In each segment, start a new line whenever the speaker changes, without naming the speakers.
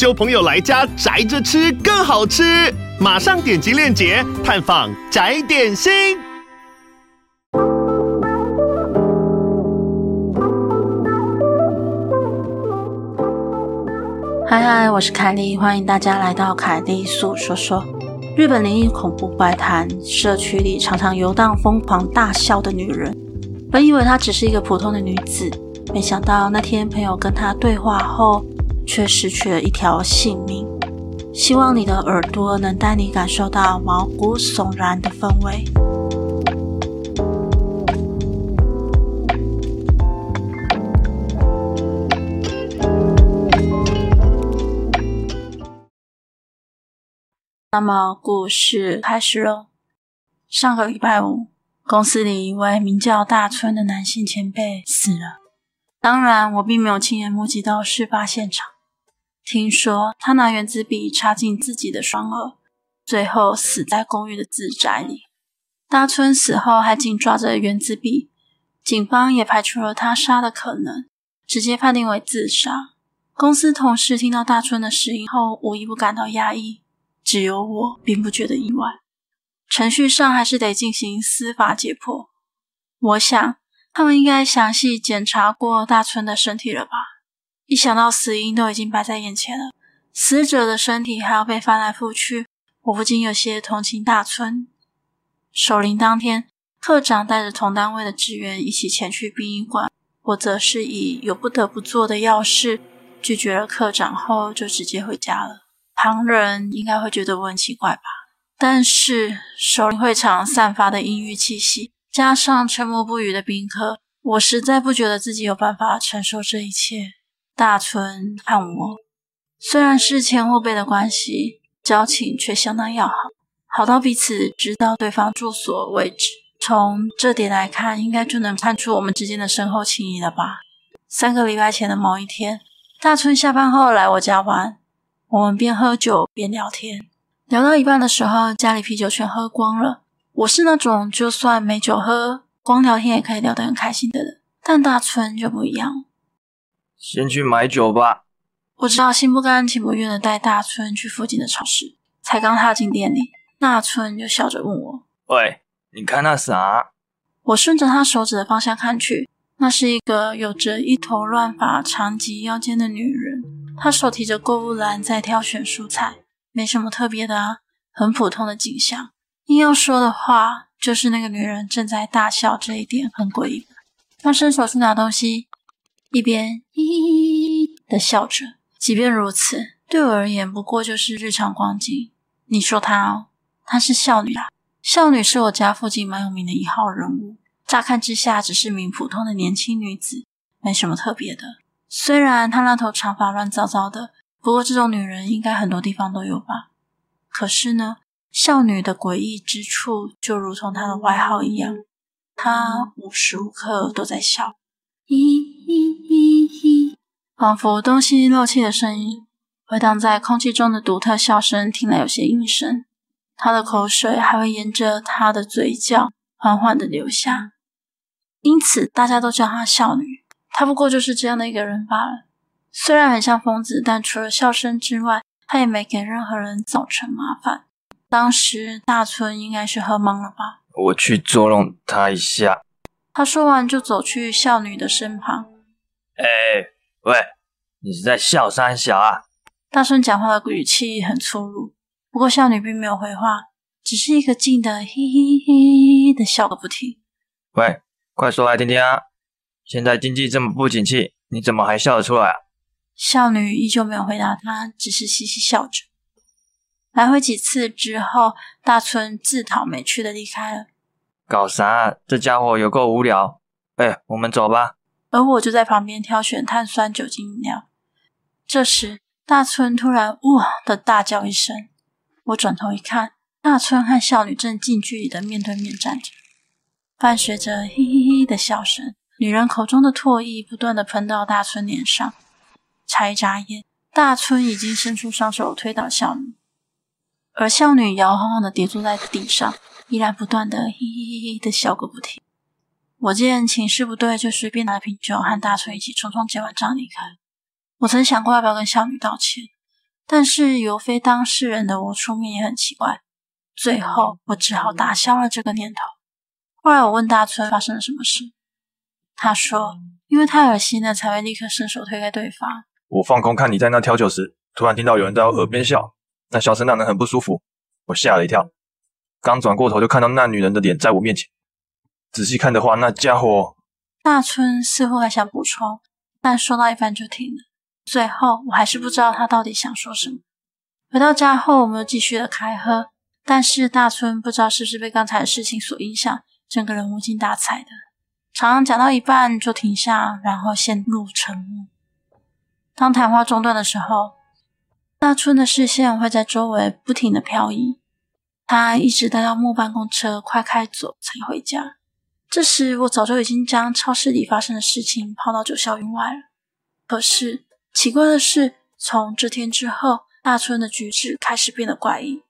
交朋友來家宅着吃更好吃，馬上點擊鏈接探訪宅點心。嗨嗨，我是凱莉，歡迎大家來到凱莉粟說說。日本靈異恐怖怪談社區裡，常常遊蕩、瘋狂大笑的女人。本以為她只是一個普通的女子，沒想到那天朋友跟她對話後。卻失去了一條性命，希望你的耳朵能帶你感受到毛骨悚然的氛圍。那麼，故事開始嘍、哦。上個禮拜五，公司裡一位名叫大村的男性前輩死了。當然，我並沒有親眼目擊到事發現場。聽說他拿原子筆插進自己的雙耳，最後死在公寓的自宅裡。大村死後還緊抓着原子筆，警方也排除了他殺的可能，直接判定為自殺。公司同事聽到大村的死因後，無一不感到壓抑，只有我並不覺得意外。程序上還是得進行司法解剖，我想他們應該詳細檢查過大村的身體了吧。一想到死因都已經擺在眼前了，死者的身體還要被翻來覆去，我不禁有些同情大村。守靈當天，課長帶着同單位的職員一起前去殯儀館，我則是以有不得不做的要事拒絕了課長後，就直接回家了。旁人應該會覺得我很奇怪吧？但是守靈會場散發的陰鬱氣息，加上沉默不語的賓客，我實在不覺得自己有辦法承受這一切。大村和我，雖然是前後輩的關係，交情卻相當要好，好到彼此知道對方住所位置。從這點來看，應該就能看出我們之間的深厚情誼了吧？三個禮拜前的某一天，大村下班後來我家玩，我們邊喝酒邊聊天，聊到一半的時候，家裡啤酒全喝光了。我是那種就算沒酒喝，光聊天也可以聊得很開心的人，但大村就不一樣。先去買酒吧。我只好心不甘情不願地帶大村去附近的超市。才剛踏進店裡，大村就笑着問我：“喂，你看那啥？”我順着他手指的方向看去，那是一個有着一頭亂髮、長及腰間的女人。她手提着購物籃在挑選蔬菜，沒什麼特別的，很普通的景象。硬要說的話，就是那個女人正在大笑這一點很詭異。她伸手去拿東西。一邊“咦”的笑着，即便如此，對我而言不過就是日常光景。你說她，哦，她是笑女啊。笑女是我家附近蠻有名的一號人物。乍看之下，只是名普通的年輕女子，沒什麼特別的。雖然她那頭長髮亂糟糟的，不過這種女人應該很多地方都有吧？可是呢，笑女的詭異之處就如同她的外號一樣，她無時無刻都在笑。咦。仿佛東西漏氣的聲音回盪在空氣中的獨特笑聲，聽來有些陰森。他的口水還會沿着他的嘴角緩緩地流下，因此大家都叫他笑女。他不過就是這樣的一個人罷了。雖然很像瘋子，但除了笑聲之外，他也沒給任何人造成麻煩。當時大村應該是喝懵了吧？我去捉弄他一下。他說完就走去笑女的身旁。哎、欸，喂，你是在笑三小啊？大春講話的語氣很粗魯，不過少女並沒有回話，只是一個勁的嘿嘿嘿的笑個不停。喂，快說來聽聽啊！現在經濟這麼不景氣，你怎麼還笑得出來啊？少女依舊沒有回答他，只是嘻嘻笑着。來回幾次之後，大春自討沒趣的離開了。搞啥、啊？這家伙有夠無聊。哎、欸，我們走吧。而我就在旁邊挑選碳酸酒精飲料，這時大村突然“哇”的大叫一聲，我轉頭一看，大村和少女正近距離的面對面站着，伴隨着“嘿嘿嘿”的笑聲，女人口中的唾液不斷的噴到大村臉上，才一眨眼，大村已經伸出雙手推倒少女，而少女搖晃晃的跌坐在地上，依然不斷的“嘿嘿嘿嘿”的笑個不停。我見情勢不對，就隨便拿了瓶酒，和大春一起匆匆結完賬離開。我曾想過要不要跟小女道歉，但是由非當事人的我出面也很奇怪，最後我只好打消了這個念頭。後來我問大春發生了什麼事，他說因為太惡心了，才會立刻伸手推開對方。我放空看你在那挑酒時，突然聽到有人在我耳邊笑，那笑聲讓人很不舒服，我嚇了一跳，剛轉過頭就看到那女人的臉在我面前。仔細看的話，那家伙大春似乎還想補充，但說到一半就停了。最後，我還是不知道他到底想說什麼。回到家後，我們又繼續的開喝，但是大春不知道是不是被剛才的事情所影響，整個人無精打采的，常常講到一半就停下，然後陷入沉默。當談話中斷的時候，大春的視線會在周圍不停的漂移。他一直待到末班公車快開走才回家。這時，我早就已經將超市裡發生的事情拋到九霄雲外了。可是，奇怪的是，從這天之後，大春的舉止開始變得怪異。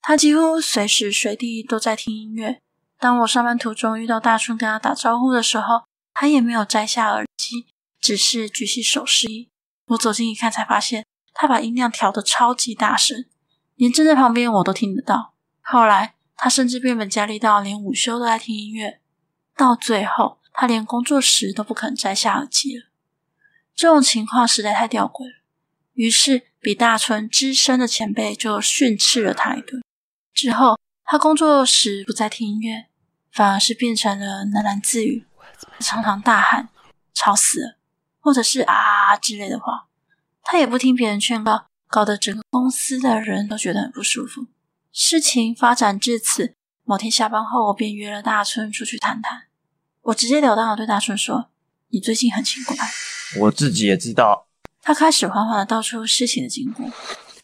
他幾乎隨時隨地都在聽音樂。當我上班途中遇到大春跟他打招呼的時候，他也沒有摘下耳機，只是舉起手示意。我走近一看，才發現他把音量調得超級大聲，連站在旁邊我都聽得到。後來，他甚至變本加厲到連午休都愛聽音樂。到最後，他連工作時都不肯摘下耳機了。這種情況實在太吊詭了，於是比大春資深的前輩就訓斥了他一頓。之後，他工作時不再聽音樂，反而是變成了喃喃自語，常常大喊“吵死了”或者是“啊、啊、啊”之類的話。他也不聽別人勸告，搞得整個公司的人都覺得很不舒服。事情發展至此，某天下班後，我便約了大春出去談談。我直截了當的對大春說：“你最近很奇怪。”我自己也知道。他開始緩緩的道出事情的經過。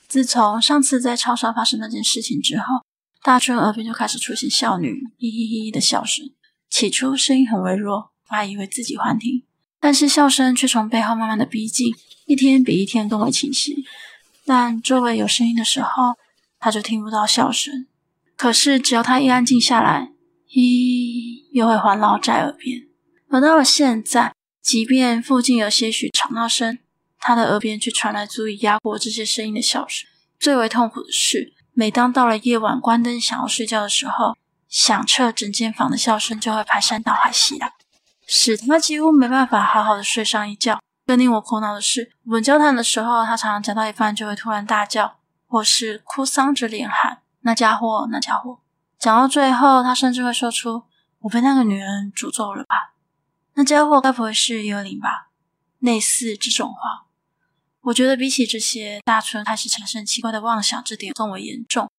自從上次在超市發生那件事情之後，大春耳邊就開始出現笑女“咦咦咦”的笑聲。起初聲音很微弱，他還以為自己幻聽，但是笑聲卻從背後慢慢的逼近，一天比一天更為清晰。但周圍有聲音的時候，他就聽不到笑聲。可是只要他一安靜下來，“咦”。又會環繞在耳邊，而到了現在，即便附近有些許吵鬧聲，他的耳邊卻傳來足以壓過這些聲音的笑聲。最為痛苦的是，每當到了夜晚關燈想要睡覺的時候，響徹整間房的笑聲就會排山倒海襲來，使他幾乎沒辦法好好的睡上一覺。更令我苦惱的是，我們交談的時候，他常常講到一半就會突然大叫，或是哭喪着臉喊：“那家伙，那家伙！”講到最後，他甚至會說出。我被那個女人詛咒了吧？那家伙該不會是幽靈吧？類似這種話，我覺得比起這些，大春開始產生奇怪的妄想，這點更為嚴重。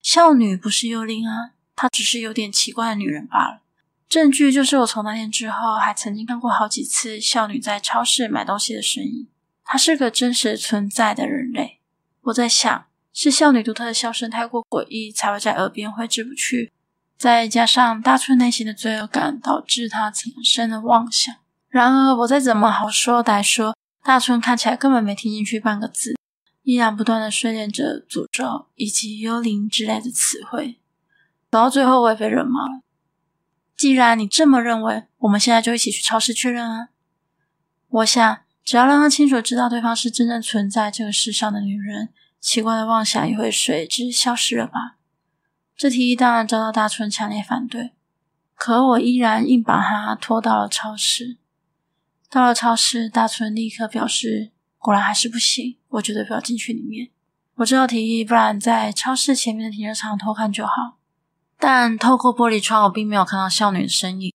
笑女不是幽靈啊，她只是有點奇怪的女人罷了。證據就是我從那天之後，還曾經看過好幾次笑女在超市買東西的身影。她是個真實存在的人類。我在想，是笑女獨特的笑聲太過詭異，才會在耳邊揮之不去。再加上大春內心的罪惡感，導致他產生了妄想。然而，我再怎麼好說歹說，大春看起來根本沒聽進去半個字，依然不斷的訓練着詛咒以及幽靈之類的詞彙。走到最後，我也被惹毛了。既然你這麼認為，我們現在就一起去超市確認啊！我想，只要讓他清楚知道對方是真正存在這個世上的女人，奇怪的妄想也會隨之消失了吧。這提議當然遭到大春強烈反對，可我依然硬把他拖到了超市。到了超市，大春立刻表示，果然還是不行，我絕對不要進去裡面。我只好提議，不然在超市前面的停車場偷看就好。但透過玻璃窗，我並沒有看到笑女的身影。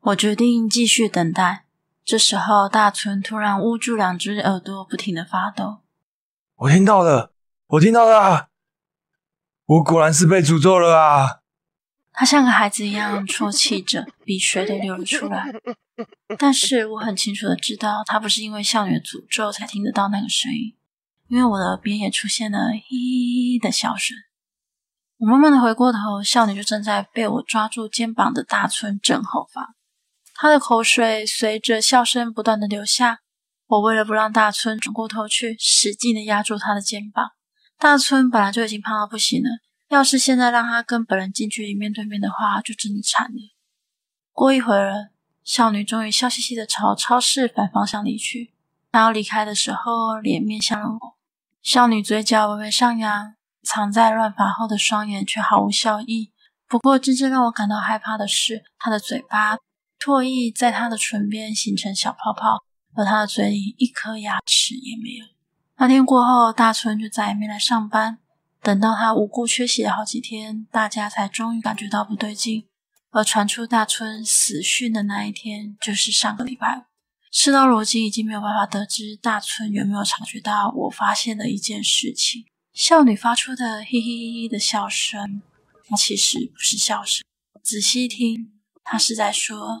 我決定繼續等待。這時候，大春突然捂住兩隻耳朵，不停的發抖。我聽到了，我聽到了。我果然是被詛咒了啊！他像個孩子一樣啜泣着，鼻水都流了出來。但是我很清楚的知道，他不是因為笑女的詛咒才聽得到那個聲音，因為我的耳邊也出現了“咦咦咦”的笑聲。我慢慢的回過頭，笑女就站在被我抓住肩膀的大村正後方，她的口水隨着笑聲不斷的流下。我為了不讓大村轉過頭去，使勁的壓住他的肩膀。大村本來就已經胖到不行了，要是現在讓他跟本人近距離面對面的話，就真的慘了。過一會兒了，少女終於笑嘻嘻地朝超市反方向離去。她要離開的時候，臉面向了我。少女嘴角微微上揚，藏在亂髮後的雙眼卻毫無笑意。不過，真正讓我感到害怕的是她的嘴巴，唾液在她的唇邊形成小泡泡，而她的嘴裡一顆牙齒也沒有。那天過後，大春就再也沒來上班。等到他無故缺席了好幾天，大家才終於感覺到不對勁。而傳出大春死訊的那一天，就是上個禮拜。事到如今，已經沒有辦法得知大春有沒有察覺到我發現的一件事情。笑女發出的“嘿嘿嘿嘿”的笑聲，其實不是笑聲。仔細聽，她是在說。